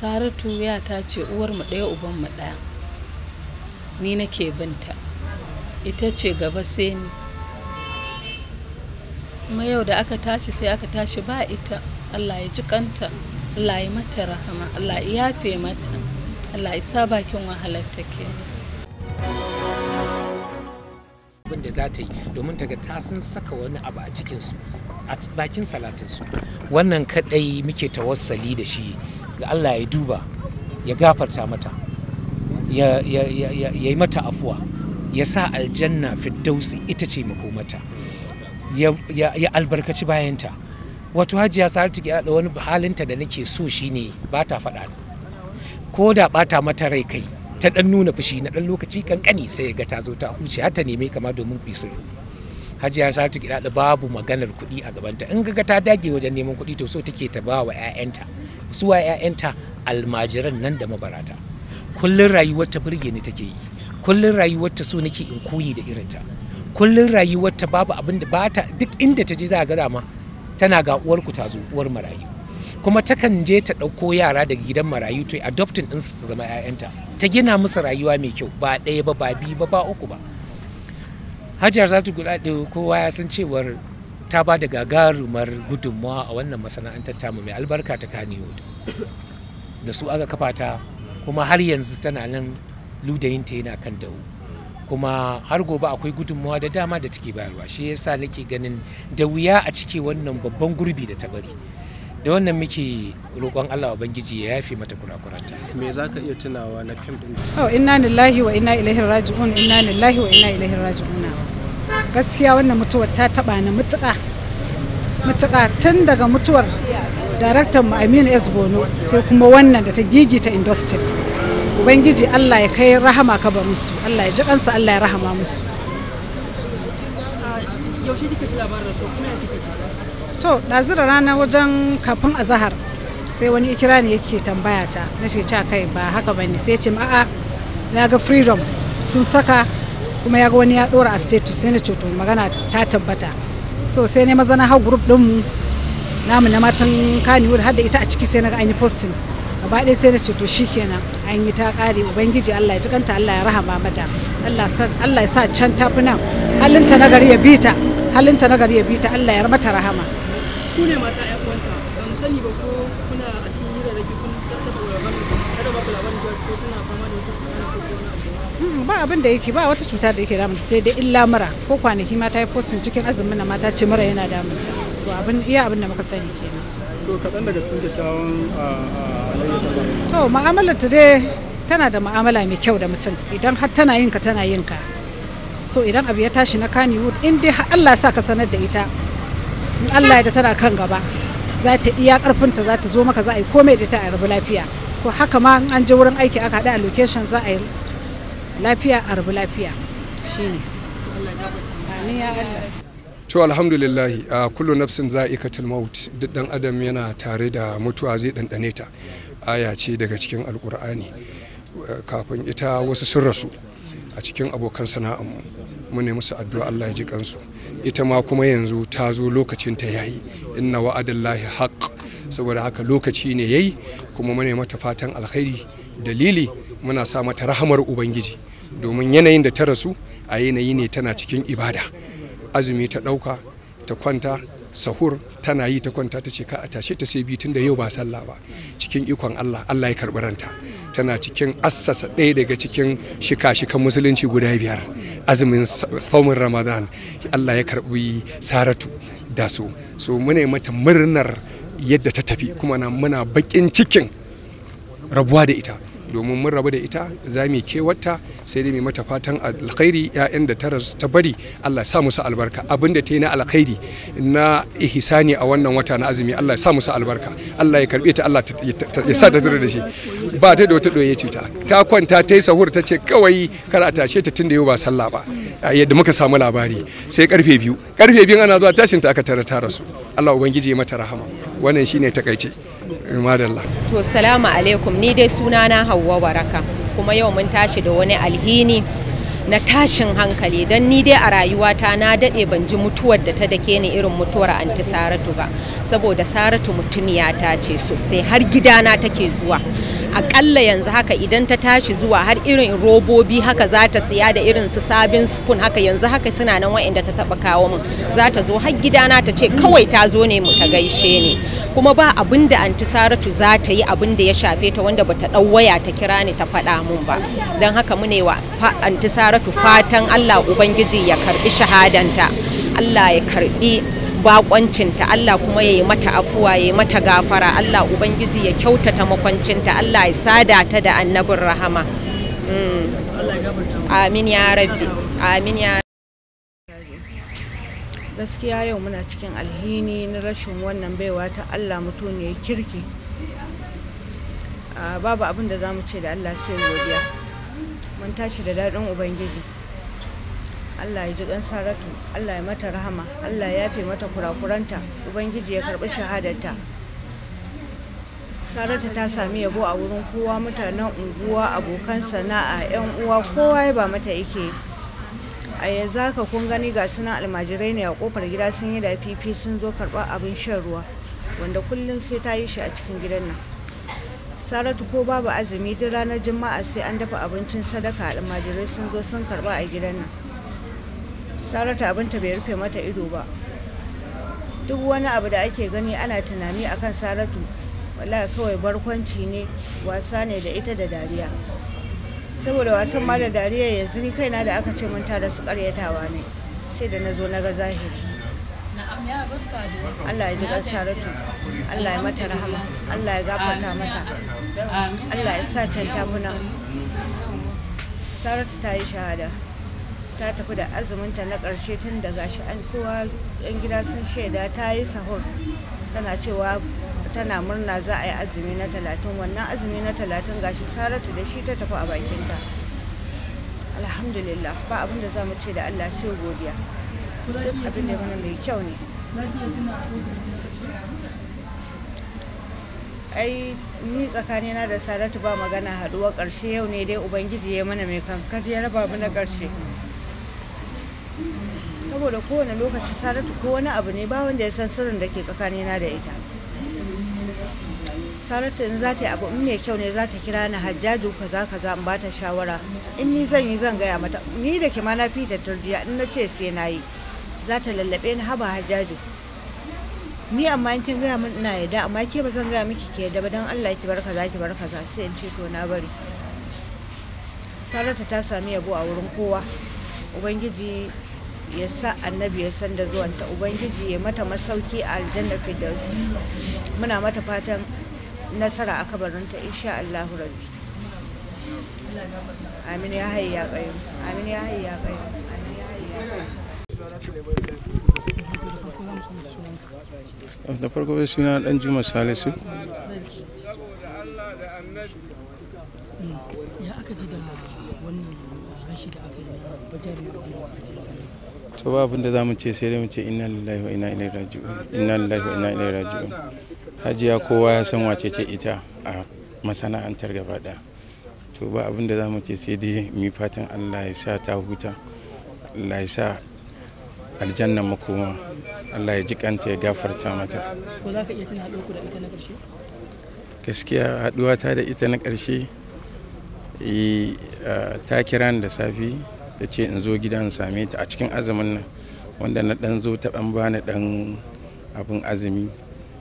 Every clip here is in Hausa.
saratu ya ta ce uwarmu ɗaya ubanmu ɗaya ni nake binta ita ce gaba sai ni kuma yau da aka tashi sai aka tashi ba ita allah ya ji kanta allah ya mata rahama allah ya yafe mata allah ya sa bakin wahalar take abin da za ta yi domin ta ga ta sun saka wani abu a cikinsu a bakin salatinsu wannan kadai muke tawassali da shi ga Allah ya duba ya gafarta mata ya yi mata afuwa ya sa aljanna Fiddausi ita ce makomata ya albarkaci bayanta wato hajiya saratu ke da wani halinta da nake so shine ba ta faɗa ko da ɓata mata rai kai ta ɗan nuna fushi na ɗan lokaci kankani sai ga ta zo ta huce har ta neme kama domin ku hajiya saratu ke babu maganar kuɗi a gabanta in ga ta dage wajen neman kuɗi to so take ta ba wa 'ya'yanta suwa 'ya'yanta almajiran nan da mabarata kullun rayuwar ta burge ni take yi kullun rayuwar ta so nake in koyi da irinta kullun rayuwar ta babu abin da bata duk inda ta je za ga dama tana ga uwar ku ta zo uwar marayu kuma ta kan je ta ɗauko yara daga gidan marayu to adopting din su zama 'ya'yanta ta gina musu rayuwa mai kyau ba ɗaya ba ba biyu ba ba uku ba za ta guda kowa ya san cewar ta ba da gagarumar gudunmawa a wannan masana'antar tamu mai albarka ta kaniyo da su aka kafa ta kuma har yanzu tana nan ludayinta yana kan dawo kuma har gobe akwai gudunmawa da dama da take bayarwa shi yasa nake ganin da wuya a cike wannan babban gurbi da ta bari da wannan muke roƙon Allah Ubangiji ya yafe mata kurakuranta. Me za ka iya tunawa na fim ɗin? Oh, inna lillahi wa inna ilaihi raji'un, inna lillahi wa inna ilaihi raji'un. na. gaskiya wannan mutuwar ta taba ni mutuka mutuka tun daga mutuwar daraktan mu Aminu S Bono sai kuma wannan da ta gigita industry ubangiji Allah ya kai rahama ka kabarin su Allah ya ji kansu Allah ya rahama musu To to ɗazira rana wajen kafin azahar sai wani ikira ne yake tambaya ta na ce ca kai ba haka bane sai ce a'a na ga freedom sun saka kuma ya ga wani ya dora a status sai na ce to magana ta tabbata so sai ne maza na hau group din mu namu na matan Kannywood har hadda ita a ciki sai na ga an yi posting gaba ɗaya sai na ce to shikenan an yi ta ƙare ubangiji Allah ya ci kanta Allah ya rahama mata Allah Allah ya sa can tafi nan halinta na gari ya bita halinta na gari ya bita Allah ya mata rahama ku ne mata ƴan uwanta ba mu sani ba ko kuna a cikin hirarraki kun tattauna labarin kada ba ku labarin ko kuna fama da wata Hmm, ba abin da yake ba wata cuta da yake damunta sai dai illa mura ko kwanaki ma ta yi postin cikin azumin na mata ce mura yana damunta to abin iya abin da muka sani kenan to kaɗan daga cikin kyakkyawan to mu'amalar ta dai tana da mu'amala mai kyau da mutum idan har tana yin ka tana yin ka so idan abu ya tashi na wood in dai Allah ya sa ka sanar da ita in Allah ya da tana kan gaba za ta iya karfinta za ta zo maka za a yi komai da ta a rabu lafiya ko haka ma an je wurin aiki aka haɗa a location za a yi lafiya a rabu lafiya shi ne to alhamdulillahi a kullu nafsin za'ikatul maut duk dan adam yana tare da mutuwa zai dandane ta aya ce daga cikin alkur'ani kafin ita wasu sun rasu a cikin abokan sana'anmu mu ne musu addu'a Allah ya ji kansu ita ma kuma yanzu ta zo lokacin ta yayi inna wa'adallahi haqq saboda haka lokaci ne yayi kuma mu ne mata fatan alkhairi dalili muna sa mata rahamar ubangiji domin yanayin da ta rasu a yanayi ne tana cikin ibada azumi ta ɗauka ta kwanta sahur tana yi ta kwanta ta ce ka a tashe ta sai bi tun da yau ba sallah ba cikin ikon Allah Allah ya karɓi ranta tana cikin assasa ɗaya daga cikin shika-shikan musulunci guda biyar azumin saumin ramadan Allah ya karɓi saratu da su so muna mata murnar yadda ta tafi kuma muna baƙin cikin rabuwa da ita domin mun rabu da ita za mu kewarta sai dai mu mata fatan alkhairi yayan da ta ta bari Allah ya sa musu albarka abin da ta yi na alkhairi na ihsani a wannan wata na azumi Allah ya sa musu albarka Allah ya karbe ta Allah ya sa ta tare da shi ba ta da wata doye cuta ta kwanta ta yi sahur ta ce kawai kar a tashe ta tunda yau ba sallah ba yadda muka samu labari sai karfe biyu karfe biyu ana zuwa tashin ta aka tara ta rasu Allah ubangiji ya mata rahama wannan shine takaice to salamu alaikum ni dai sunana hauwa waraka kuma yau mun tashi da wani alhini na tashin hankali don ni dai a rayuwata na daɗe ban ji mutuwar da ta dake ni irin mutuwar anti saratu ba saboda saratu ta ce sosai har gidana take zuwa akalla yanzu haka idan ta tashi zuwa har irin robobi haka za ta siya da irin su sabin spoon haka yanzu haka tana nan wa'inda ta taba kawo min za ta zo har gidana ta ce kawai ta zo ne mu ta gaishe ni kuma ba abin da anti saratu za ta yi abin da ya shafe ta wanda bata dau waya ta kira ni ta faɗa mun ba don haka mu ne wa anti saratu Saratu fatan Allah Ubangiji ya karbi shahadanta Allah ya karbi bakoncinta Allah kuma ya yi mata afuwa ya yi mata gafara Allah Ubangiji ya kyautata makwancinta Allah ya sada ta da annabin rahama hmm. amin ya rabbi amin ya gaskiya yau muna cikin alhini na rashin wannan baiwa ta Allah mutum ne kirki ah, babu abin da za mu ce da Allah sai godiya mun tashi da daɗin ubangiji allah ya ji ɗan saratu allah ya mata rahama allah ya fi mata kurakuranta ubangiji ya karɓi shahadarta saratu ta sami yabo a wurin kowa mutanen unguwa abokan sana'a 'yan uwa kowa ya ba mata yake a yanzu haka kun gani ga suna almajirai ne a kofar gida sun yi da fifi sun zo karɓar abin shan ruwa wanda kullum sai ta yi shi a cikin gidan nan saratu ko babu azumi duk ranar juma'a sai an dafa abincin sadaka almajirai sun zo sun karba a gidan nan saratu abinta bai rufe mata ido ba duk wani abu da ake gani ana tunani akan saratu wallahi kawai barkwanci ne wasa ne da ita da dariya saboda wasan ma da dariya yanzu ni kaina da aka ce mun tara su karyatawa ne sai da na zo na ga zahiri Allah ya ji Saratu Allah ya mata rahama Allah ya gafarta mata Allah ya sa can tamuna Saratu ta yi shahada ta tafi da azuminta na ƙarshe tun da gashi an kowa yan gida sun shaida ta yi sahur tana cewa tana murna za a yi azumi na talatin wannan azumi na talatin gashi saratu da shi ta tafi a bakinta alhamdulillah ba abin da za mu ce da allah sai godiya duk abin da mai kyau ne ai ni tsakanina da Saratu ba magana haduwa Karshe yau ne dai ubangiji ya mana mai kankar ya raba mu na ƙarshe saboda kowane lokaci Saratu ko wani abu ne ba wanda ya san sirrin da ke tsakanina da ita saratu in za ta yi abu in mai kyau ne za ta kira ni hajjaju kaza kaza in bata shawara in ni zan yi zan gaya mata ni da ke na fi ta turjiya in na ce sai na yi za ta lallabe ni haba hajjaju ni amma in kin gaya min ina yadda amma ke ba zan gaya miki ke yadda ba don Allah ki barka za ki barka za. sai in ce to na bari Saratu ta sami yabo a wurin kowa ubangiji ya sa annabi ya san da zuwanta ubangiji ya mata masauki a aljanna fidus muna mata fatan nasara a kabarinta insha Allah rabbi amin ya hayya kai amin ya hayya kai amin ya hayya kai da farko bai suna dan juma salisu ya aka ji da wannan rashi da aka yi wajen to ba abin da za mu ce sai dai mu ce inna lillahi wa inna ilaihi raji'un inna lillahi wa inna ilaihi raji'un hajiya kowa ya san wace ce ita a masana'antar gaba daya to ba abin da za mu ce sai dai mu fatan Allah ya sa ta huta Allah ya sa aljannan makoma Allah ya ji kanta ya gafarta mata ko za ka iya tuna haɗuwa da ita na ƙarshe gaskiya haɗuwa ta da ita na ƙarshe ta kira da safi ta ce in zo gida in same ta a cikin azumin nan wanda na ɗan zo ta ɗan bani ɗan abin azumi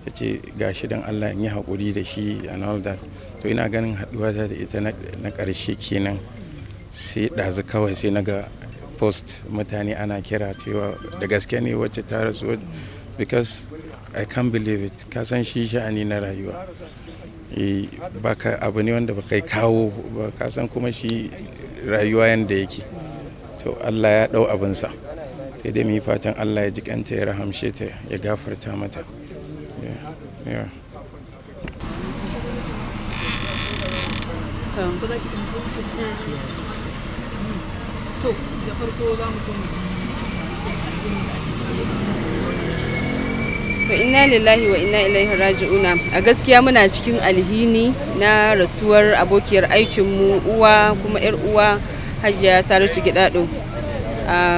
ta ce ga shi don Allah in yi haƙuri da shi and all that to ina ganin haɗuwa ta da ita na ƙarshe kenan sai ɗazu kawai sai na ga post mutane ana kira cewa da gaske ne wacce ta rasu because i can't believe it ka san shi sha'ani na rayuwa e, baka abu ne wanda baka kawo ba ka san kuma shi rayuwa yanda yake to allah ya dau abinsa sai dai mu fatan allah ya jikanta ya rahamshe ta ya gafarta mata to da farko za mu so mu ji to inna lillahi wa inna ilaihi raji'una a gaskiya muna cikin alhini na rasuwar abokiyar aikinmu uwa kuma yar uwa hajiya saratu gidado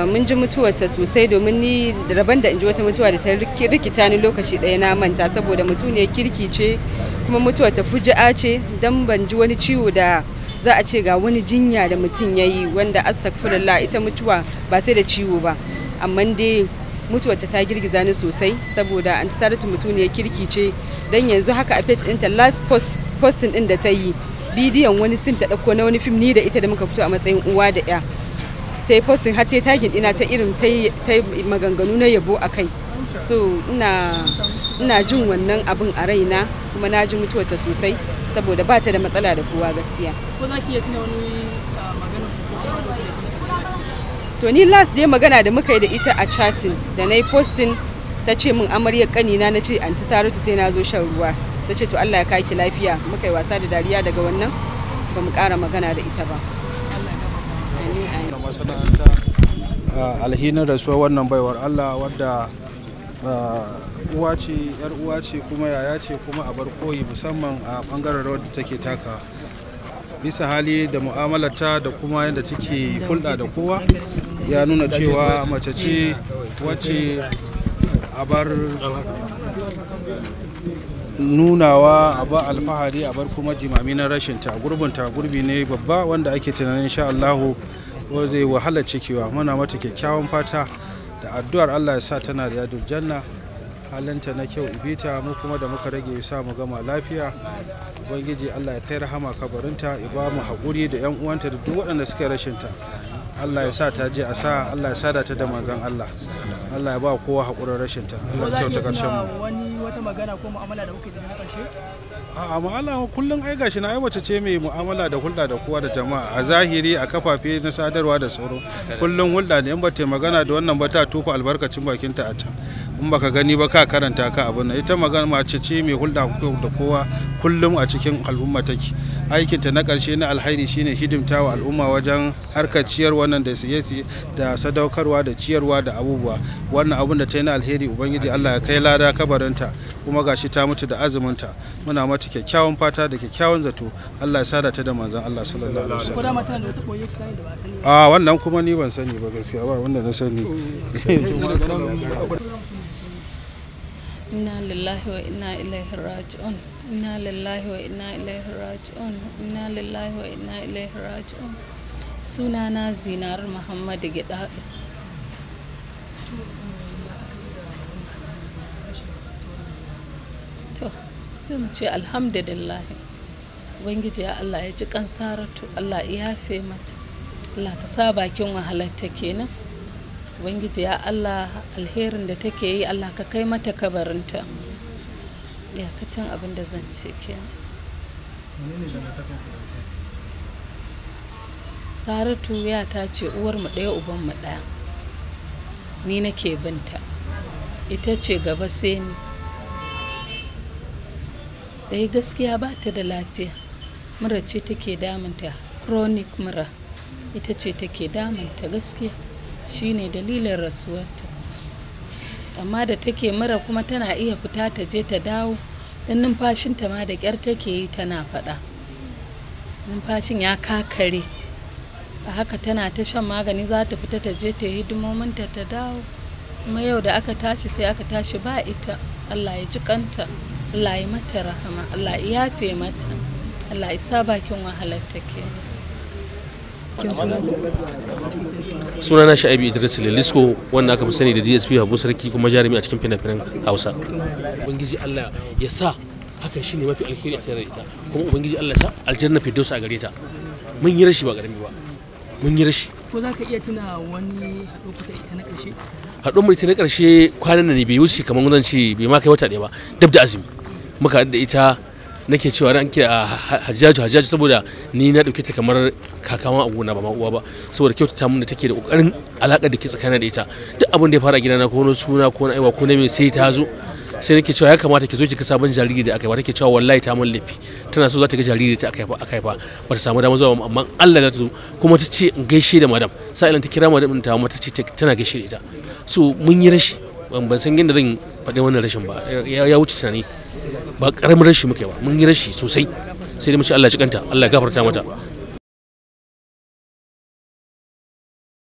mun ji mutuwarta sosai domin ni rabon da in ji wata mutuwa da ta rikita ni lokaci ɗaya na manta saboda mutuniyar kirki ce kuma mutuwarta fuji'a ce don ban ji wani ciwo da za a ce ga wani jinya da mutum ya yi wanda astagfirullah ita mutuwa ba sai da ciwo ba amma dai mutuwata ta girgiza ni sosai saboda an mutum ya kirki ce don yanzu haka a page ɗinta last posting ɗin da ta yi bidiyon wani sin ta ɗauko na wani fim ni da ita da muka fito a matsayin uwa da ya ta yi posting har ta yi tagin ta irin ta yi maganganu na yabo a kai so ina jin wannan abin a raina kuma na ji mutuwata sosai saboda ba ta da matsala da kowa gaskiya ko za ki iya tuna wani ah, magana to ni last day magana da muka yi da ita a chatting da na yi posting ta ce min amarya kanina na ce anti saratu sai na zo shan ruwa ta ce to Allah ya kaki lafiya muka yi wasa da dariya daga wannan ba mu kara magana da ita ba ah, alhinin rasuwar wannan baiwar Allah wadda ah, uwa ce yar uwa ce kuma yaya ce kuma a bar koyi musamman a bangaren rawar da take taka bisa hali da mu'amalarta da kuma yadda take hulɗa da kowa ya nuna cewa mace ce wacce a bar nunawa a ba alfahari a bar kuma jimami na rashin ta gurbin ta gurbi ne babba wanda ake tunanin sha Allahu zai wahala cikewa muna mata kyakkyawan fata da addu'ar Allah ya sa tana da yadul janna halinta na kyau ibita mu kuma da muka rage sa mu gama lafiya ubangiji allah ya kai rahama kabarinta ya ba mu haƙuri da yan uwanta da duk waɗanda suka rashin ta allah ya sa ta je a sa allah ya sada ta da manzan allah allah ya ba kowa haƙurin rashin ta allah ya ta ƙarshen mu wani wata magana ko mu'amala da kuke da na ƙarshe a mu'amala kullum ai gashi na aiwace ce mai mu'amala da hulɗa da kowa da jama'a a zahiri a kafafe na sadarwa da tsaro kullum hulɗa ne in ba ta magana da wannan ba ta tofa albarkacin bakinta a can in baka gani ba ka karanta ka abin nan ita magana mace ce mai hulɗa da kowa kullum a cikin al'umma take aikinta na ƙarshe na alhaini shine hidimta wa al'umma wajen harkar ciyar wannan da siye da sadaukarwa da ciyarwa da abubuwa wannan abun da ta yi na alheri ubangiji allah ya kai lada kabarinta kuma gashi ta mutu da azuminta muna mata kyakkyawan fata da kyakkyawan zato allah ya sada ta da manzan allah sallallahu alaihi wasallam a wannan kuma ni ban sani ba gaskiya ba wanda na sani inna lillahi wa inna ilaihi raji'un inna lillahi wa inna ilaihi raji'un inna lillahi wa inna ilaihi raji'un na zinar muhammad gida to sai mu ce alhamdulillah ubangiji ya allah ya ji saratu allah ya yafe mata allah ka sa bakin wahalar ta kenan ubangiji ya allah alherin da take yi allah ka kai mata kabarinta iyakacin abin da zan ce ke saratu ya ta ce uwarmu ɗaya ubanmu ɗaya ni nake binta ita ce gaba sai ni ɗaya gaskiya ba ta da lafiya mura ce take damunta chronic mura ita ce take damunta gaskiya shine dalilin rasuwarta amma da take mura kuma tana iya fita ta je ta dawo dan numfashinta ma da ƙyar take yi tana faɗa numfashin ya kakare a haka tana ta shan magani za ta fita ta je ta yi, hidimominta ta dawo kuma yau da aka tashi sai aka tashi ba ita allah ya ji kanta allah ya mata rahama allah ya yafe mata allah ya sa bakin wahalar ta take sunana sha'ibi idris lelisko wanda aka fi sani da dsp habu sarki kuma jarumi a cikin fina-finan hausa ubangiji allah ya sa hakan shine mafi alheri a tare da ita kuma ubangiji allah ya sa aljanna fidosa a gare ta mun yi rashi ba karami ba mun yi rashi ko za ka iya tuna wani haɗu kuta ita na ƙarshe haɗo mu ita na ƙarshe kwanan nan ne bai wuce kamar zan ce bai ma kai wata ɗaya ba dab da azumi muka da ita nake cewa ran ah, a hajjaju hajjaju saboda ni na dauke ta kamar kakama a gona ba ma uwa ba saboda kyautata mun da take da kokarin alaka da ke tsakanin da ita duk abin da ya fara na ko na suna ko na aiwa ko na me sai ta zo sai nake cewa ya kamata ki zo ki ka sabon jariri da aka yi take cewa wallahi ta mun lafi tana so za ta ga jariri ta aka ba aka haifa ba ta samu damar zuwa amma Allah ya zo kuma ta ce in gaishe da madam sa'ilan ta kira madam ta ta ce tana gaishe da ita so mun yi rashi ban san yadda zan faɗi wannan rashin ba ya wuce tunani ba karamin rashi muke ba mun yi rashi sosai sai dai mu Allah ya kanta Allah ya gafarta mata